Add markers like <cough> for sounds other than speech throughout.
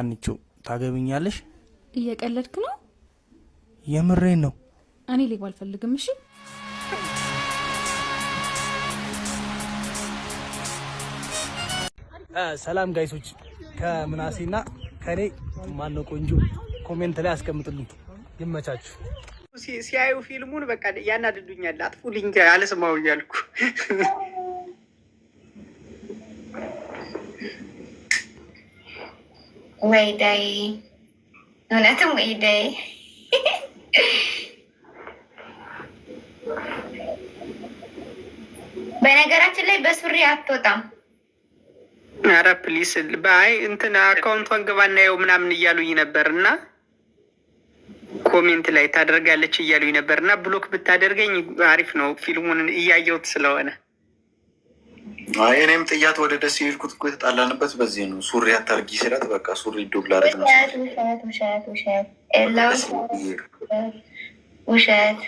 አንቹ ታገብኛለሽ እየቀለድክ ነው? የምሬን ነው። እኔ ሌባ አልፈልግም። እሺ ሰላም ጋይሶች፣ ከምናሴና ከኔ ማነው ቆንጆ ኮሜንት ላይ አስቀምጥልኝ። ይመቻችሁ። ሲያዩ ፊልሙን በቃ ያናድዱኛል። አጥፉልኝ አልስማው እያልኩ ወይዳይ እውነትም ወይዳይ በነገራችን ላይ በሱሪ አትወጣም። አረ ፕሊስ በአይ እንትን አካውንቷን ግባ እናየው ምናምን እያሉኝ ነበር እና ኮሜንት ላይ ታደርጋለች እያሉኝ ነበር እና ብሎክ ብታደርገኝ አሪፍ ነው፣ ፊልሙን እያየሁት ስለሆነ። እኔም ጥያት ወደ ደስ የሄድኩት እኮ የተጣላንበት በዚህ ነው። ሱሪ አታርጊ ስላት በቃ ሱሪ ዱብል አደረግ ነው። ውሸት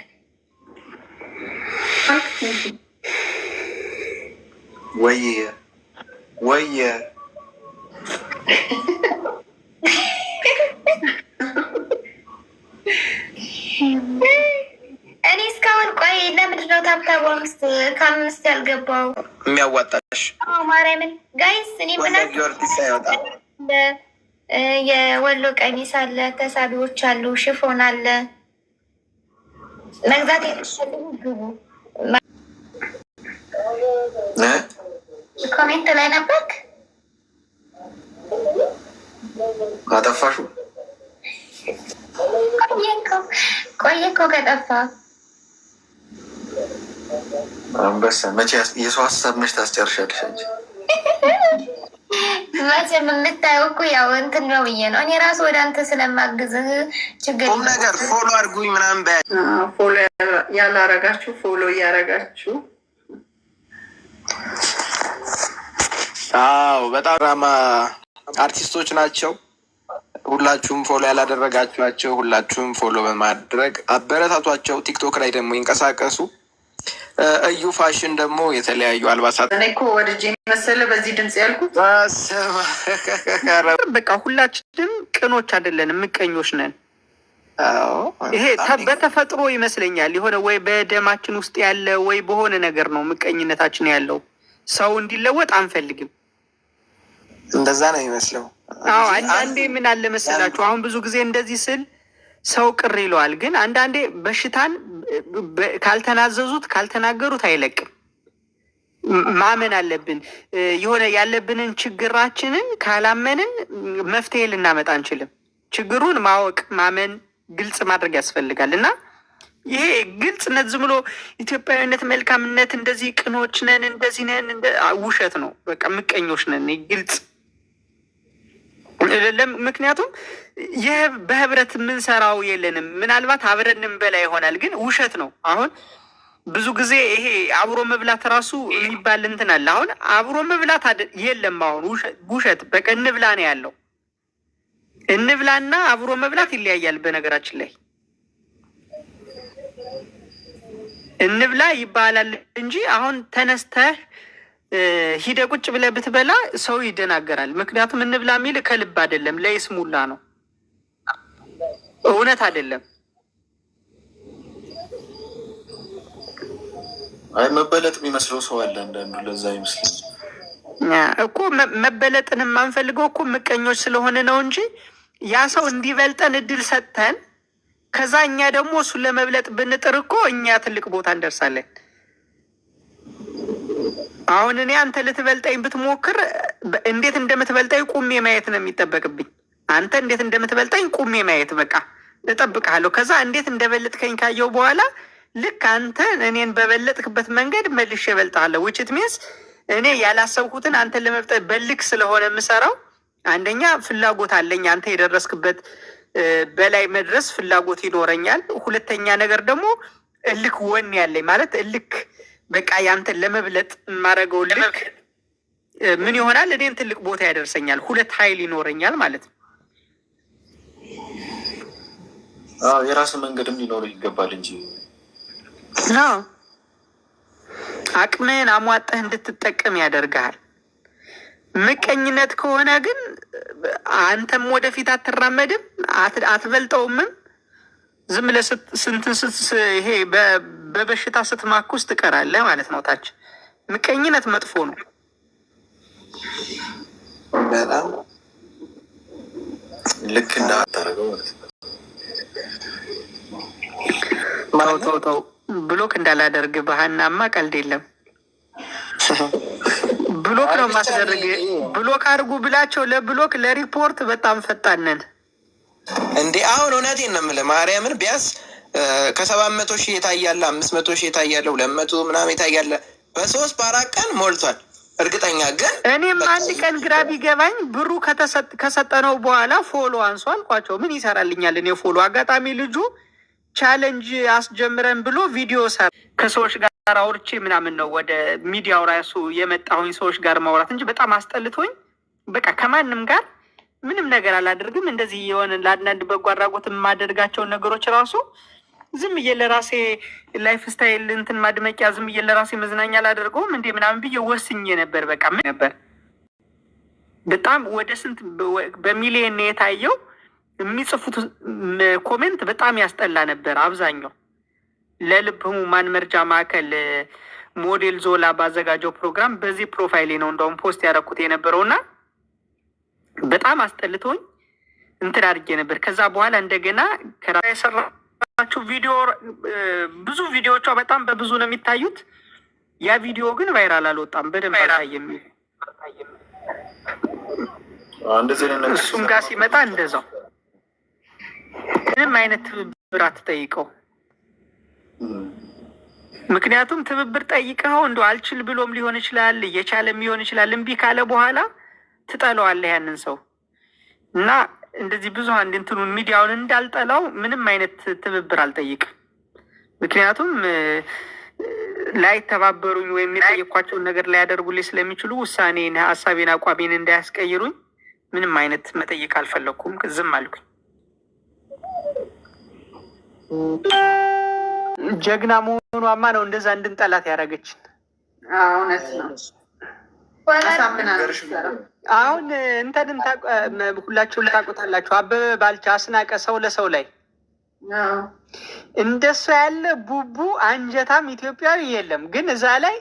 ወይ ወይ ሀብታሙ አምስት ከአምስት ያልገባው የሚያዋጣሽ ማርያምን ጋይስ እኔ ጊዮርጊስ የወሎ ቀሚስ አለ፣ ተሳቢዎች አሉ፣ ሽፎን አለ። መግዛት ግቡ። ኮሜንት ላይ ነበር አጠፋሹ ቆየኮ ቆየኮ ከጠፋ አንበሳ መቼ የሰው ሀሳብ መች ታስጨርሻለሽ እንጂ መቼም የምታየው እኮ ያው እንትን ነው ብዬ ነው። እኔ ራሱ ወደ አንተ ስለማግዝህ ችግር ቁም ነገር ፎሎ አድርጉኝ ምናምን በያ ፎሎ ያላረጋችሁ ፎሎ እያረጋችሁ አዎ በጣም አርቲስቶች ናቸው። ሁላችሁም ፎሎ ያላደረጋችኋቸው ሁላችሁም ፎሎ በማድረግ አበረታቷቸው። ቲክቶክ ላይ ደግሞ ይንቀሳቀሱ። እዩ ፋሽን ደግሞ የተለያዩ አልባሳት እኔ እኮ ወድጄ መሰለህ በዚህ ድምፅ ያልኩት። በቃ ሁላችንም ቅኖች አይደለንም፣ ምቀኞች ነን። ይሄ በተፈጥሮ ይመስለኛል የሆነ ወይ በደማችን ውስጥ ያለ ወይ በሆነ ነገር ነው ምቀኝነታችን ያለው። ሰው እንዲለወጥ አንፈልግም። እንደዛ ነው ይመስለው። አዎ አንዳንዴ ምን አለ መሰላችሁ አሁን ብዙ ጊዜ እንደዚህ ስል ሰው ቅር ይለዋል። ግን አንዳንዴ በሽታን ካልተናዘዙት ካልተናገሩት አይለቅም። ማመን አለብን። የሆነ ያለብንን ችግራችንን ካላመንን መፍትሄ ልናመጣ አንችልም። ችግሩን ማወቅ ማመን፣ ግልጽ ማድረግ ያስፈልጋል እና ይሄ ግልጽነት ዝም ብሎ ኢትዮጵያዊነት፣ መልካምነት እንደዚህ ቅኖች ነን እንደዚህ ነን ውሸት ነው። በቃ ምቀኞች ነን። ግልጽ ምክንያቱም ይህ በህብረት የምንሰራው የለንም። ምናልባት አብረን እንበላ ይሆናል፣ ግን ውሸት ነው። አሁን ብዙ ጊዜ ይሄ አብሮ መብላት ራሱ የሚባል እንትን አለ። አሁን አብሮ መብላት የለም። አሁን ውሸት በቃ እንብላ ነው ያለው። እንብላና አብሮ መብላት ይለያያል። በነገራችን ላይ እንብላ ይባላል እንጂ አሁን ተነስተህ ሂደ ቁጭ ብለ ብትበላ ሰው ይደናገራል። ምክንያቱም እንብላ የሚል ከልብ አይደለም፣ ለይስሙላ ነው፣ እውነት አይደለም። አይ መበለጥ የሚመስለው ሰው አለ አንዳንዱ። ለዛ ይመስለኝ እኮ መበለጥን የማንፈልገው እኮ ምቀኞች ስለሆነ ነው እንጂ ያ ሰው እንዲበልጠን እድል ሰጥተን ከዛ እኛ ደግሞ እሱን ለመብለጥ ብንጥር እኮ እኛ ትልቅ ቦታ እንደርሳለን። አሁን እኔ አንተ ልትበልጠኝ ብትሞክር እንዴት እንደምትበልጠኝ ቁሜ ማየት ነው የሚጠበቅብኝ። አንተ እንዴት እንደምትበልጠኝ ቁሜ ማየት በቃ እጠብቅሃለሁ። ከዛ እንዴት እንደበለጥከኝ ካየው በኋላ ልክ አንተ እኔን በበለጥክበት መንገድ መልሼ እበልጥሃለሁ። ውጭት ሚንስ እኔ ያላሰብኩትን አንተ ለመብጠት በልክ ስለሆነ የምሰራው አንደኛ ፍላጎት አለኝ አንተ የደረስክበት በላይ መድረስ ፍላጎት ይኖረኛል። ሁለተኛ ነገር ደግሞ እልክ ወኔ ያለኝ ማለት እልክ በቃ ያንተን ለመብለጥ የማደርገው ልክ ምን ይሆናል? እኔን ትልቅ ቦታ ያደርሰኛል። ሁለት ኃይል ይኖረኛል ማለት ነው። የራስ መንገድም ሊኖር ይገባል እንጂ አቅምህን አሟጠህ እንድትጠቀም ያደርግሃል። ምቀኝነት ከሆነ ግን አንተም ወደፊት አትራመድም፣ አትበልጠውምም። ዝም ብለህ ስንትን ይሄ በበሽታ ስትማኩስ ትቀራለህ ማለት ነው። ታች ምቀኝነት መጥፎ ነው። በጣም ልክ እንዳታረገው ተው ተው ብሎክ እንዳላደርግ ባህናማ ቀልድ የለም። ብሎክ ነው ማስደርግ። ብሎክ አድርጉ ብላቸው ለብሎክ ለሪፖርት በጣም ፈጣን ነን አሁን እውነቴን ነው የምልህ ማርያምን ቢያንስ ከሰባት መቶ ሺህ የታያለ አምስት መቶ ሺህ የታያለ ሁለት መቶ ምናምን የታያለ በሶስት በአራት ቀን ሞልቷል። እርግጠኛ ግን እኔም አንድ ቀን ግራ ቢገባኝ ብሩ ከሰጠነው በኋላ ፎሎ አንሶ አልኳቸው። ምን ይሰራልኛል እኔ ፎሎ። አጋጣሚ ልጁ ቻለንጅ አስጀምረን ብሎ ቪዲዮ ሰራ። ከሰዎች ጋር አውርቼ ምናምን ነው ወደ ሚዲያው ራሱ የመጣሁኝ ሰዎች ጋር ማውራት እንጂ በጣም አስጠልቶኝ በቃ ከማንም ጋር ምንም ነገር አላደርግም። እንደዚህ የሆነ ለአንዳንድ በጎ አድራጎት የማደርጋቸውን ነገሮች ራሱ ዝም ብዬ ለራሴ ላይፍ ስታይል እንትን ማድመቂያ ዝም ብዬ ለራሴ መዝናኛ አላደርገውም እንዴ ምናምን ብዬ ወስኜ ነበር። በቃ ምን ነበር በጣም ወደ ስንት በሚሊየን የታየው የሚጽፉት ኮሜንት በጣም ያስጠላ ነበር። አብዛኛው ለልብ ህሙማን መርጃ ማዕከል ሞዴል ዞላ ባዘጋጀው ፕሮግራም በዚህ ፕሮፋይሌ ነው እንደውም ፖስት ያደረኩት የነበረው እና በጣም አስጠልቶኝ እንትን አድርጌ ነበር። ከዛ በኋላ እንደገና ከራ የሰራ ቪዲዮ ብዙ ቪዲዮቿ በጣም በብዙ ነው የሚታዩት። ያ ቪዲዮ ግን ቫይራል አልወጣም፣ በደንብ አልታየም። እሱም ጋር ሲመጣ እንደዛው ምንም አይነት ትብብር አትጠይቀው። ምክንያቱም ትብብር ጠይቀኸው እንደ አልችል ብሎም ሊሆን ይችላል፣ እየቻለም ሊሆን ይችላል። እምቢ ካለ በኋላ ትጠለዋለህ ያንን ሰው እና እንደዚህ አንድ እንትኑን ሚዲያውን እንዳልጠላው ምንም አይነት ትብብር አልጠይቅም። ምክንያቱም ላይተባበሩኝ ወይም የጠየኳቸውን ነገር ላያደርጉልኝ ስለሚችሉ ውሳኔን፣ ሀሳቤን፣ አቋሜን እንዳያስቀይሩኝ ምንም አይነት መጠየቅ አልፈለግኩም። ዝም አልኩኝ። ጀግና መሆኗማ ነው እንደዛ እንድንጠላት ያደረገችን እውነት ነው። አሁን እንተንም ሁላችሁን ታውቁታላችሁ። አበበ ባልቻ አስናቀ ሰው ለሰው ላይ እንደሱ ያለ ቡቡ አንጀታም ኢትዮጵያዊ የለም። ግን እዛ ላይ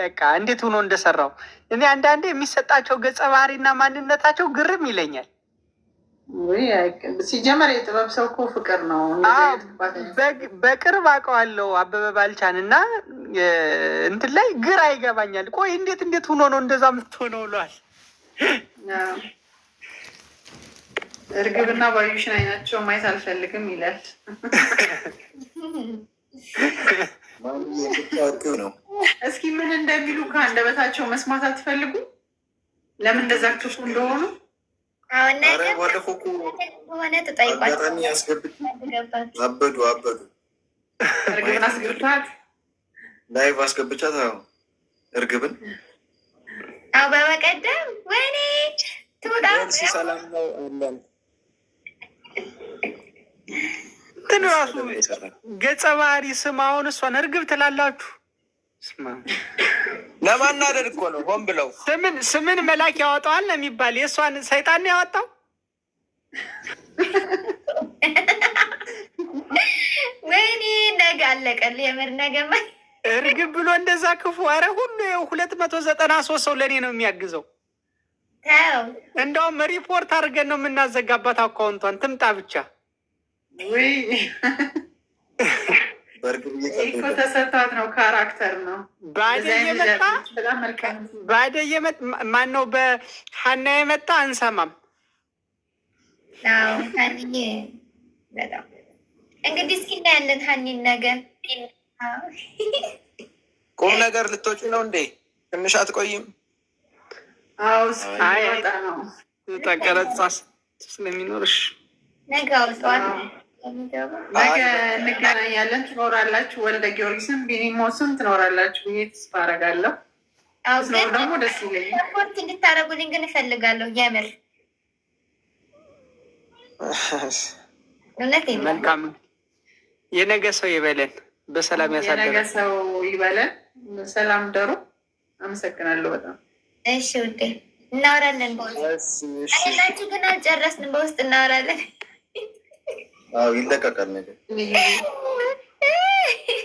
በቃ እንዴት ሆኖ እንደሰራው እኔ አንዳንዴ የሚሰጣቸው ገጸ ባህሪና ማንነታቸው ግርም ይለኛል። ሲጀመር የጥበብ ሰው እኮ ፍቅር ነው። በቅርብ አውቀዋለሁ አበበ ባልቻን እና እንትን ላይ ግራ ይገባኛል። ቆይ እንዴት እንዴት ሆኖ ነው እንደዛ ምትሆነው ብሏል። እርግብና ባዩሽን አይናቸው ማየት አልፈልግም ይላል። እስኪ ምን እንደሚሉ ከአንደበታቸው መስማት አትፈልጉ? ለምን እንደዛ ክፉ እንደሆኑ ሆነ ተጠይቋቸው አበዱ አበዱ። እርግብን ላይቭ አስገብቻት እርግብን አዎ በመቀደም ወይኔ ትውጣሲ ሰላም ነው አለን እንትን ራሱ ገጸ ባህሪ ስም አሁን እሷን እርግብ ትላላችሁ። ለማናደድ እኮ ነው ሆን ብለው ስምን ስምን መላክ ያወጣዋል ነው የሚባል። የእሷን ሰይጣን ነው ያወጣው። ወይኔ ነገ አለቀል የምር ነገማ እርግብ ብሎ እንደዛ ክፉ አረ ሁሉ ሁለት መቶ ዘጠና ሶስት ሰው ለእኔ ነው የሚያግዘው። እንደውም ሪፖርት አድርገን ነው የምናዘጋባት አካውንቷን። ትምጣ ብቻ ተሰቷት ነው ካራክተር ነው። ባደ የመጣ ማን ነው? በሀና የመጣ አንሰማም። እንግዲህ እስኪ እናያለን ሀኒን ነገር ቁም ነገር ልትወጪ ነው እንዴ? ትንሽ አትቆይም? ተቀረጻሽ ስለሚኖርሽ ነገ እንገናኛለን። ትኖራላችሁ፣ ወልደ ጊዮርጊስም ቢኒሞስም ትኖራላችሁ ብዬ ተስፋ አደርጋለሁ። ስኖር ደግሞ ደስ ይለኛል። ሰፖርት እንድታደርጉልኝ ግን እፈልጋለሁ የምር መልካም የነገ ሰው ይበለን። በሰላም ያሳደረን የነገ ሰው ይበለን። ሰላም ደሩ። አመሰግናለሁ በጣም እሺ። ውዴ እናወራለን በውስጥ አይላችሁ ግን አልጨረስንም። በውስጥ እናወራለን። ይለቀቃል ነገር <laughs>